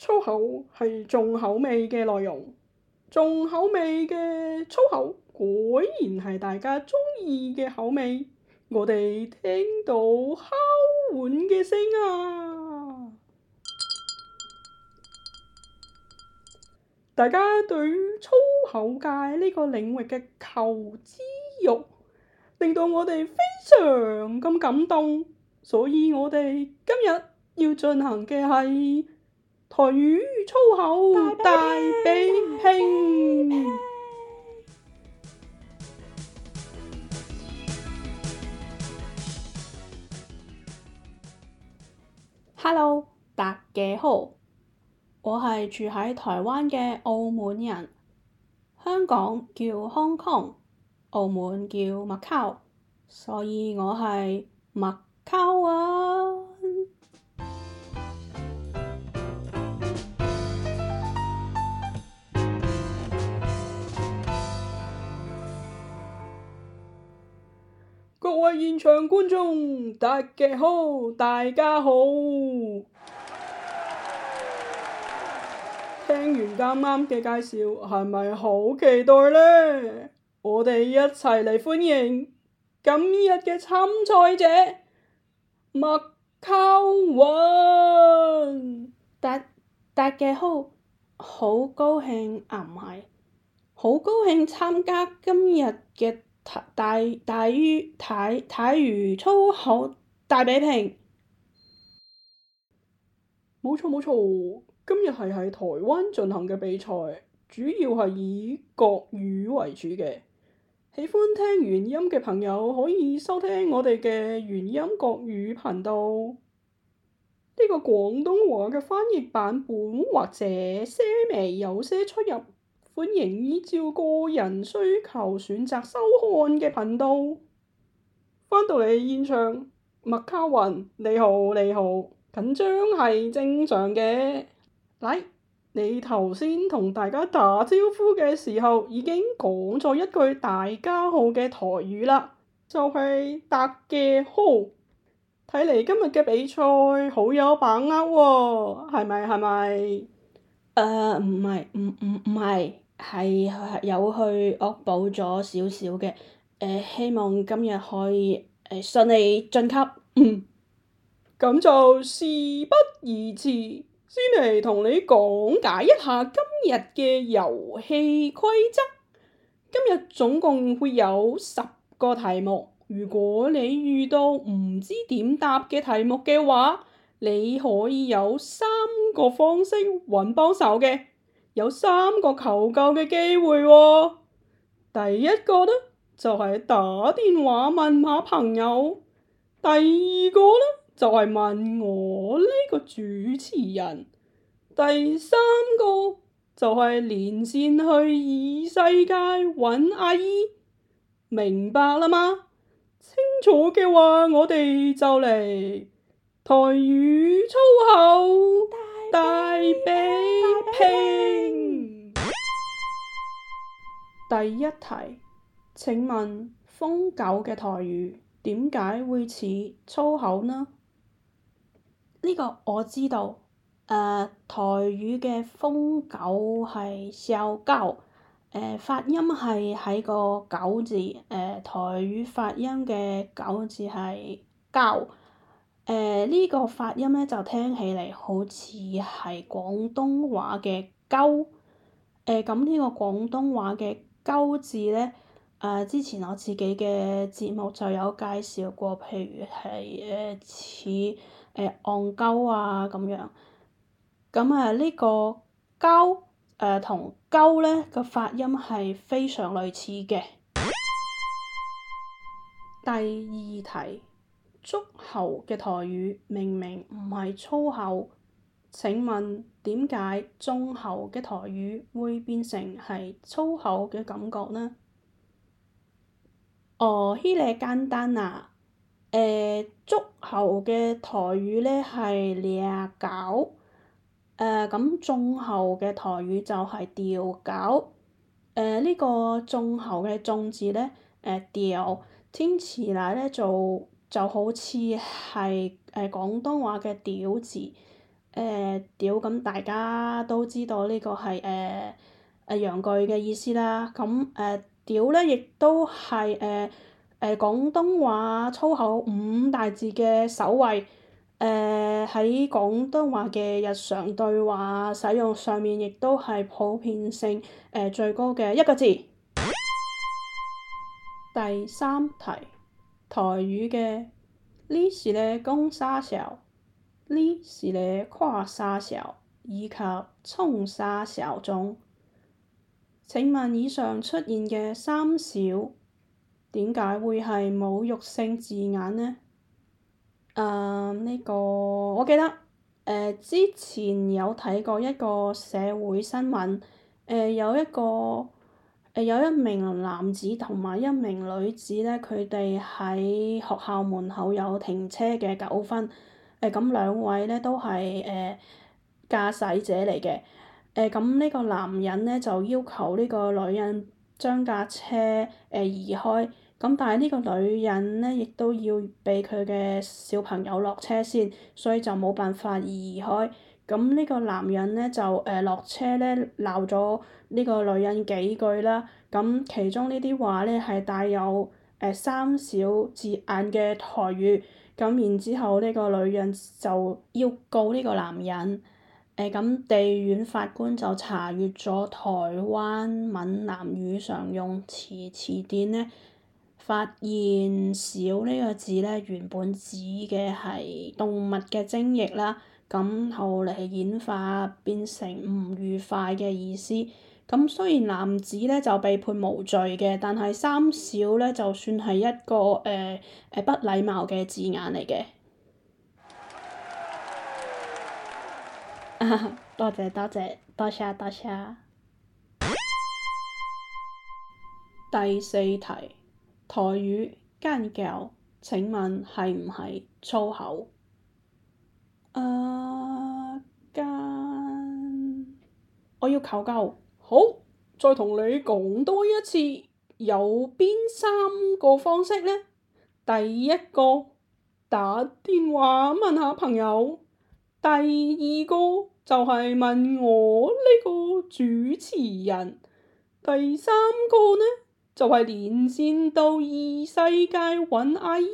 粗口係重口味嘅內容，重口味嘅粗口果然係大家鍾意嘅口味。我哋聽到敲碗嘅聲啊！大家對於粗口界呢個領域嘅求知慾，令到我哋非常咁感動，所以我哋今日要進行嘅係。台語粗口大比拼，Hello，大家好，我係住喺台灣嘅澳門人，香港叫 Hong Kong，澳門叫麥溝，所以我係麥溝啊！各位現場觀眾，大家好！大家好！聽完啱啱嘅介紹，係咪好期待呢？我哋一齊嚟歡迎今日嘅參賽者麥秋雲。大大家好，好高興啊，唔係，好高興參加今日嘅。大大於台台語粗口大比拼，冇錯冇錯，今日係喺台灣進行嘅比賽，主要係以國語為主嘅。喜歡聽原音嘅朋友可以收聽我哋嘅原音國語頻道。呢、這個廣東話嘅翻譯版本或者稍微有些出入。本營依照個人需求選擇收看嘅頻道。翻到嚟現場，麥卡雲，你好，你好，緊張係正常嘅。嚟，你頭先同大家打招呼嘅時候已經講咗一句大家好嘅台語啦，就係答嘅好。睇嚟今日嘅比賽好有把握喎、哦，係咪？係咪？誒、uh，唔係，唔唔唔係。係有去惡補咗少少嘅、呃，希望今日可以誒、呃、順利晉級，咁、嗯、就事不宜遲，先嚟同你講解一下今日嘅遊戲規則。今日總共會有十個題目，如果你遇到唔知點答嘅題目嘅話，你可以有三個方式揾幫手嘅。有三個求救嘅機會喎、哦，第一個咧就係、是、打電話問下朋友，第二個咧就係、是、問我呢個主持人，第三個就係連線去異世界揾阿姨，明白啦嗎？清楚嘅話，我哋就嚟台語粗口。大比拼。第一題，請問瘋狗嘅台語點解會似粗口呢？呢個我知道。誒、呃，台語嘅瘋狗係笑鳩，誒、呃，發音係喺個狗字，誒、呃，台語發音嘅狗字係鳩。誒呢、呃，這個發音咧就聽起嚟好似係廣東話嘅鳩。誒咁呢個廣東話嘅鳩字咧，誒、呃、之前我自己嘅節目就有介紹過，譬如係誒似誒戇鳩啊咁樣。咁、呃、啊、這個呃、呢個鳩誒同鳩咧嘅發音係非常類似嘅。 第二題。捉猴嘅台語明明唔係粗口，請問點解中猴嘅台語會變成係粗口嘅感覺呢？哦，呢啲嘢簡單啊！誒、呃，捉猴嘅台語呢係掠猴，誒咁中猴嘅台語就係掉猴，誒呢、呃這個中猴嘅中字呢，呃，誒掉，天池奶呢做。就好似係誒廣東話嘅屌字，誒屌咁大家都知道呢個係誒誒陽具嘅意思啦，咁誒屌咧亦都係誒誒廣東話粗口五大字嘅首位，誒、呃、喺廣東話嘅日常對話使用上面亦都係普遍性誒、呃、最高嘅一個字。第三題。台語嘅呢是咧公三小、呢是咧跨三小、以及沖三小中，請問以上出現嘅三小點解會係侮辱性字眼呢？誒、啊、呢、這個我記得誒、呃、之前有睇過一個社會新聞，誒、呃、有一個。有一名男子同埋一名女子咧，佢哋喺學校門口有停車嘅糾紛。誒、呃、咁兩位咧都係誒、呃、駕駛者嚟嘅。誒咁呢個男人咧就要求呢個女人將架車誒、呃、移開。咁但係呢個女人咧亦都要俾佢嘅小朋友落車先，所以就冇辦法移開。咁呢個男人咧就誒落車咧鬧咗呢個女人幾句啦，咁其中呢啲話咧係帶有誒三小字眼嘅台語，咁然之後呢個女人就要告呢個男人，誒咁地院法官就查閲咗台灣閩南語常用詞詞典咧，發現小呢個字咧原本指嘅係動物嘅精液啦。咁後嚟演化變成唔愉快嘅意思。咁雖然男子呢就被判無罪嘅，但係三小呢就算係一個誒誒、呃呃呃、不禮貌嘅字眼嚟嘅。多 謝多謝，多謝多謝。多謝第四題台語間叫，請問係唔係粗口？啊！家，uh, 我要求救，好，再同你講多一次，有邊三個方式呢？第一個打電話問下朋友，第二個就係問我呢個主持人，第三個呢就係、是、連線到異世界揾阿姨，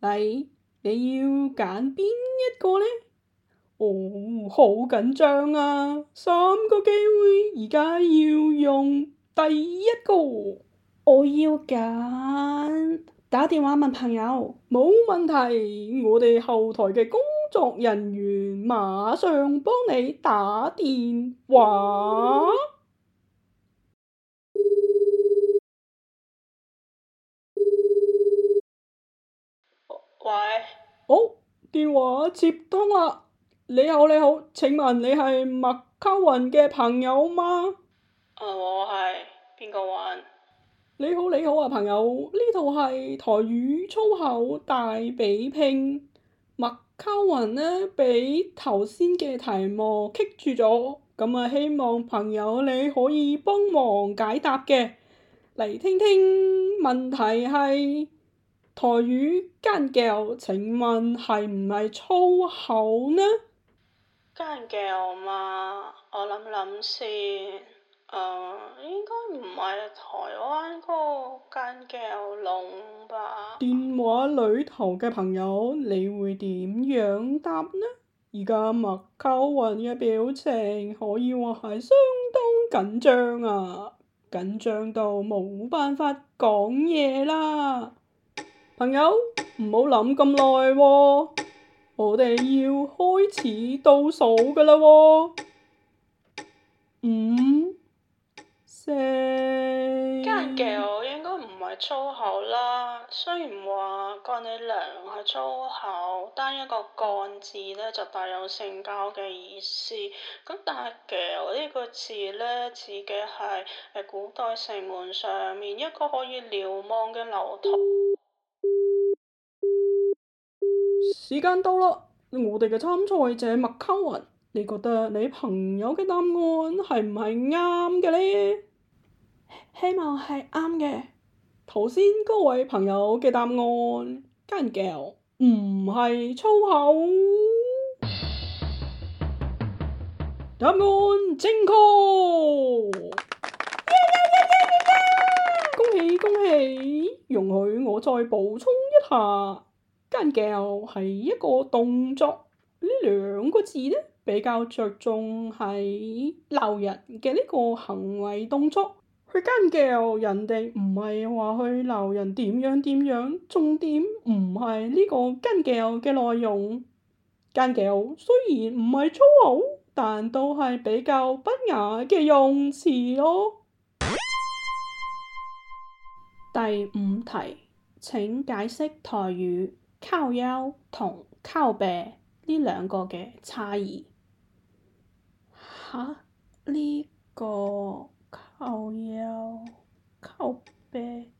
你。你要揀邊一個呢？哦，好緊張啊！三個機會，而家要用第一個。我要揀，打電話問朋友，冇問題。我哋後台嘅工作人員馬上幫你打電話。喂？哦，oh，電話接通啦！你好你好，請問你係麥卡雲嘅朋友嗎？啊，我係邊個雲？你好你好啊，朋友，呢度係台語粗口大比拼，麥卡雲呢，俾頭先嘅題目棘住咗，咁啊希望朋友你可以幫忙解答嘅，嚟聽聽問題係。台語奸叫，請問係唔係粗口呢？奸叫嘛，我諗諗先。誒、呃，應該唔係台灣嗰個奸叫龍吧。電話裏頭嘅朋友，你會點樣答呢？而家麥秋雲嘅表情可以話係相當緊張啊，緊張到冇辦法講嘢啦～朋友唔好諗咁耐喎，我哋要開始倒數噶啦喎，五、四。幹譙應該唔係粗口啦，雖然話「幹你娘」係粗口，單一個「幹」字咧就帶有性交嘅意思，咁但係「譙」呢個字咧，指嘅係古代城門上面一個可以瞭望嘅樓台。時間到啦，我哋嘅參賽者麥秋雲，你覺得你朋友嘅答案係唔係啱嘅咧？希望係啱嘅。頭先嗰位朋友嘅答案，跟人唔係粗口， 答案正確。Yeah, yeah, yeah, yeah, yeah! 恭喜恭喜！容許我再補充一下。姦撟係一個動作，呢兩個字呢，比較着重係鬧人嘅呢個行為動作。去姦撟人哋，唔係話去鬧人點樣點樣，重點唔係呢個姦撟嘅內容。姦撟雖然唔係粗口，但都係比較不雅嘅用詞咯、哦。 第五題，請解釋台語。靠腰同靠背呢兩個嘅差異嚇？呢、這個靠腰靠背、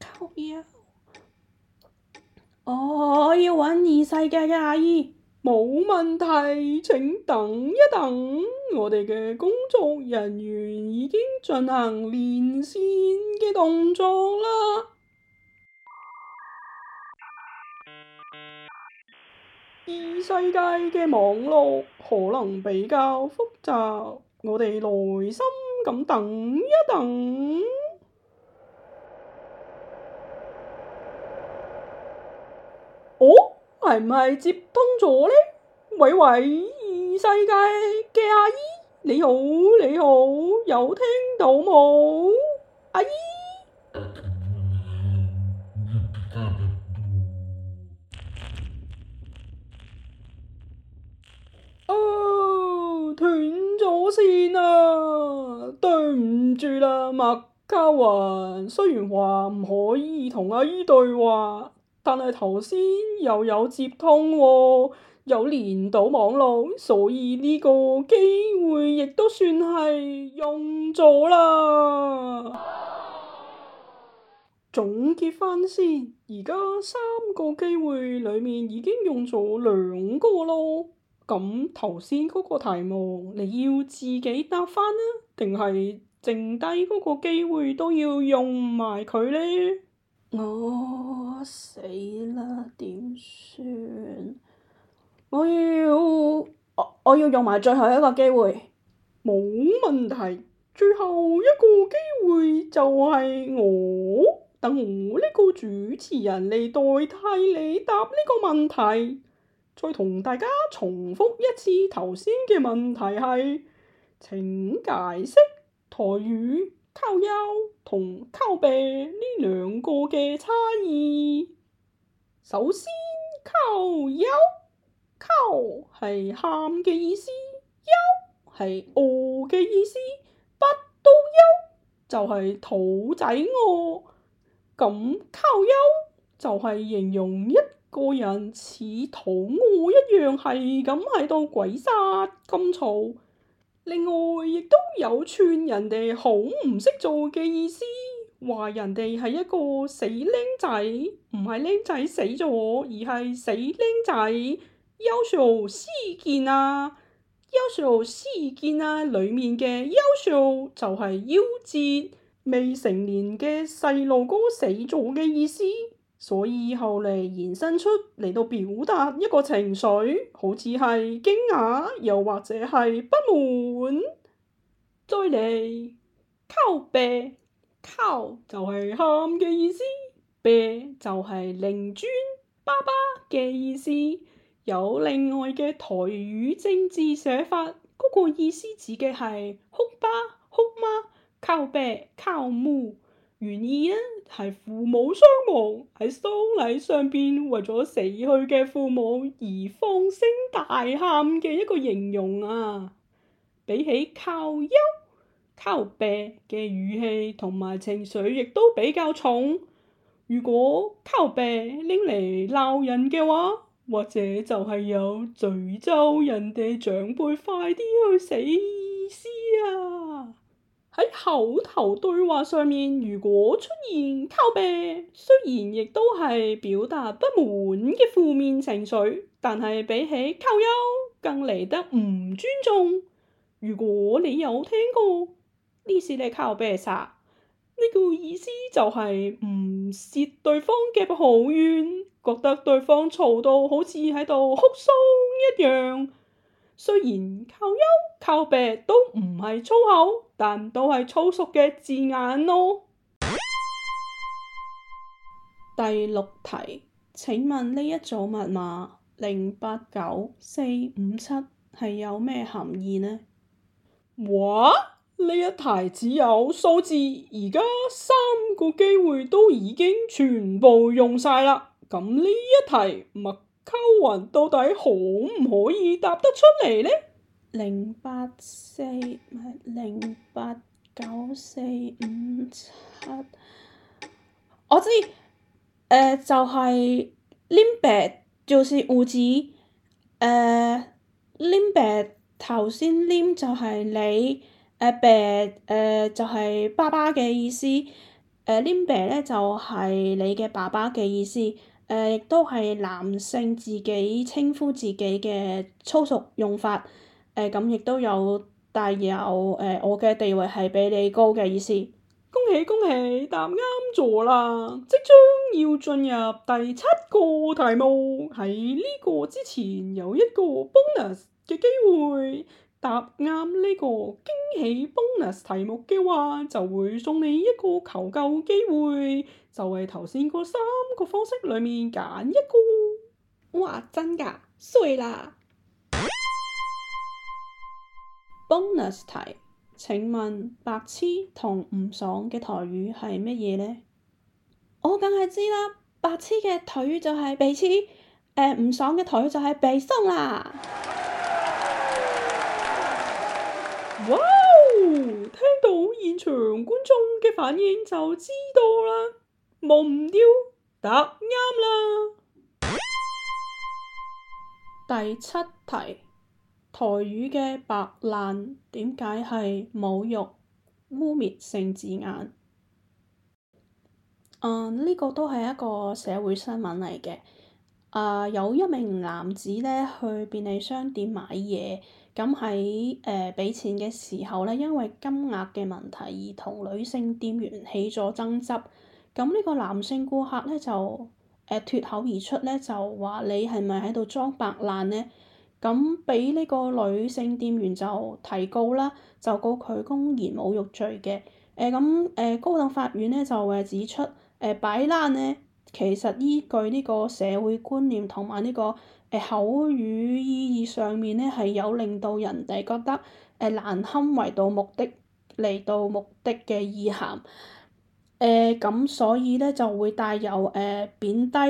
靠腰哦！我要揾二世界嘅阿姨冇問題，請等一等，我哋嘅工作人員已經進行連線嘅動作啦。異世界嘅網絡可能比較複雜。我哋耐心咁等一等。哦，係唔係接通咗呢？喂喂，異世界嘅阿姨，你好，你好，有聽到冇？阿姨。對唔住啦，麥嘉雲，雖然話唔可以同阿姨對話，但係頭先又有接通喎，哦，有連到網絡，所以呢個機會亦都算係用咗啦。 總結翻先，而家三個機會裏面已經用咗兩個咯，咁頭先嗰個題目你要自己答翻吖。淨係剩低嗰個機會都要用埋佢呢？我、哦、死啦！點算？我要我我要用埋最後一個機會，冇問題。最後一個機會就係我，等我呢個主持人嚟代替你答呢個問題，再同大家重複一次頭先嘅問題係。請解釋台語靠憂同靠病呢兩個嘅差異。首先靠幽，靠憂靠係喊嘅意思，憂係餓嘅意思，不都憂就係肚仔餓。咁靠憂就係形容一個人似肚餓一樣係咁喺度鬼殺咁嘈。另外，亦都有串人哋好唔識做嘅意思，話人哋係一個死僆仔，唔係僆仔死咗，而係死僆仔。《夭壽死囝》啊，《夭壽死囝》啊，裡面嘅夭壽就係夭折未成年嘅細路哥死咗嘅意思。所以後嚟延伸出嚟到表達一個情緒，好似係驚訝，又或者係不滿。再嚟，哭爸，哭就係喊嘅意思，爸就係令尊爸爸嘅意思。有另外嘅台語正字寫法，嗰、那個意思指嘅係哭爸哭媽，哭爸哭母，原意啊！係父母雙亡喺喪禮上邊，為咗死去嘅父母而放聲大喊嘅一個形容啊，比起靠憂、靠病嘅語氣同埋情緒亦都比較重。如果靠病拎嚟鬧人嘅話，或者就係有詛咒人哋長輩快啲去死意思啊！喺口頭對話上面，如果出現靠背，雖然亦都係表達不滿嘅負面情緒，但係比起靠優，更嚟得唔尊重。如果你有聽過呢，是咧靠背茶，呢、這個意思就係唔屑對方嘅抱怨，覺得對方嘈到好似喺度哭喪一樣。雖然靠夭、靠北都唔係粗口，但都係粗俗嘅字眼咯。第六題，請問呢一組密碼零八九四五七係有咩含義呢？哇！呢一題只有數字，而家三個機會都已經全部用晒啦。咁呢一題密溝魂到底可唔可以答得出嚟呢？零八四唔係，零八九四五七，我知，誒、呃，就係 limbe 就是父子，誒 limber 頭先 lim 就係你，誒爸誒就係、是、爸爸嘅意思，誒 limbe 咧就係你嘅爸爸嘅意思。誒亦都係男性自己稱呼自己嘅粗俗用法，誒咁亦都有，但有誒、呃、我嘅地位係比你高嘅意思。恭喜恭喜，答啱咗啦！即將要進入第七個題目，喺呢個之前有一個 bonus 嘅機會。答啱呢個驚喜 bonus 題目嘅話，就會送你一個求救機會，就係頭先嗰三個方式裡面揀一個。哇，真㗎，衰啦！bonus 題，請問白痴同唔爽嘅台語係乜嘢呢？我梗係知啦，白痴嘅台語就係鼻痴，誒、呃、唔爽嘅台語就係鼻鬆啦。哇哦！Wow, 聽到現場觀眾嘅反應就知道啦，忘唔掉答啱啦。第七題，台語嘅白爛點解係侮辱污蔑性字眼？啊、嗯，呢、這個都係一個社會新聞嚟嘅。啊、呃，有一名男子咧去便利商店買嘢。咁喺誒俾錢嘅時候咧，因為金額嘅問題而同女性店員起咗爭執，咁呢個男性顧客咧就誒、呃、脫口而出咧就話你係咪喺度裝白爛咧？咁俾呢個女性店員就提告啦，就告佢公然侮辱罪嘅。誒咁誒高等法院咧就誒指出誒、呃、擺爛咧，其實依據呢個社會觀念同埋呢個。口語意義上面咧係有令到人哋覺得誒難堪為到目的嚟到目的嘅意涵，誒、呃、咁所以咧就會帶有誒貶、呃、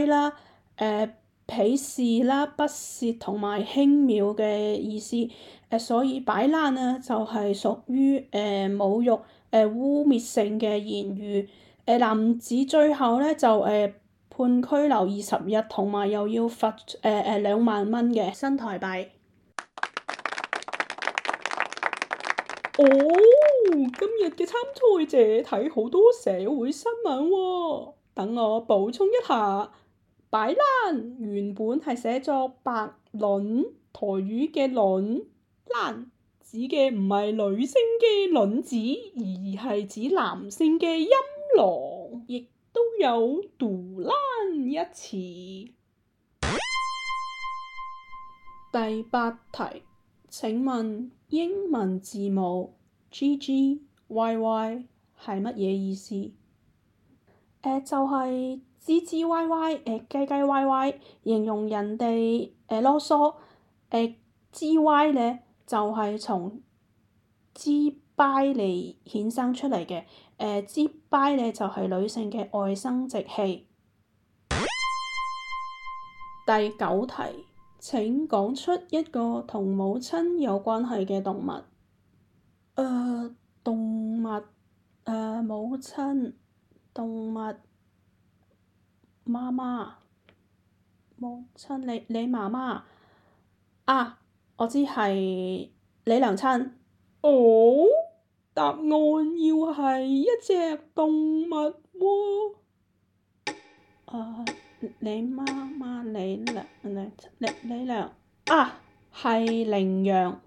低啦、誒、呃、鄙視啦、不屑同埋輕蔑嘅意思，誒、呃、所以擺爛啊就係屬於誒侮辱、誒、呃、污蔑性嘅言語，誒男子最後咧就誒、呃判拘留二十日，同埋又要罰誒誒、呃、兩萬蚊嘅新台幣。哦，今日嘅參賽者睇好多社會新聞喎、哦。等我補充一下，擺爛原本係寫作白卵、台語嘅卵爛指嘅唔係女性嘅卵子，而係指男性嘅陰囊。都有杜欄一詞。第八題，請問英文字母 G G Y Y 係乜嘢意思？呃、就係唧唧歪歪、唧唧歪歪，形容人哋囉嗦。誒、唧歪呢就係從唧。拜嚟衍生出嚟嘅，誒、呃、之拜咧就係女性嘅外生殖器。第九題，請講出一個同母親有關係嘅動物。誒、呃、動物，誒、呃、母親，動物媽媽。母親，你你媽媽？啊，我知係你娘親。哦，答案要係一隻動物喎、哦。啊，你媽媽，你娘，唔係，啊，係羚羊。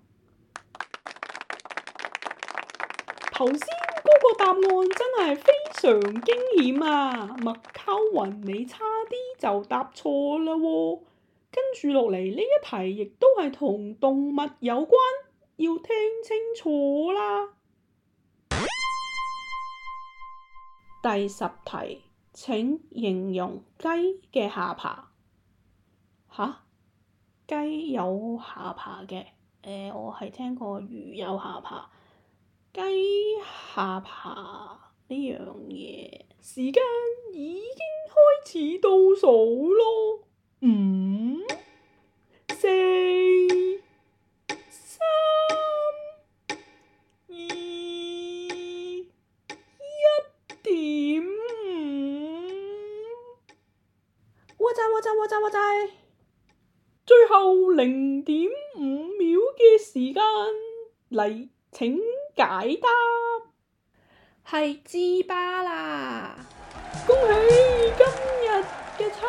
頭先嗰個答案真係非常驚險啊！麥溝雲，你差啲就答錯啦喎、哦。跟住落嚟呢一題亦都係同動物有關。要聽清楚啦。啊、第十題，請形容雞嘅下巴。吓？雞有下巴嘅？誒、呃，我係聽過魚有下巴。雞下巴呢樣嘢。時間已經開始倒數咯。嗯。係芝巴啦，恭喜今日嘅參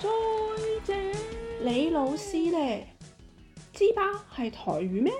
賽者。李老師咧，芝巴係台語咩？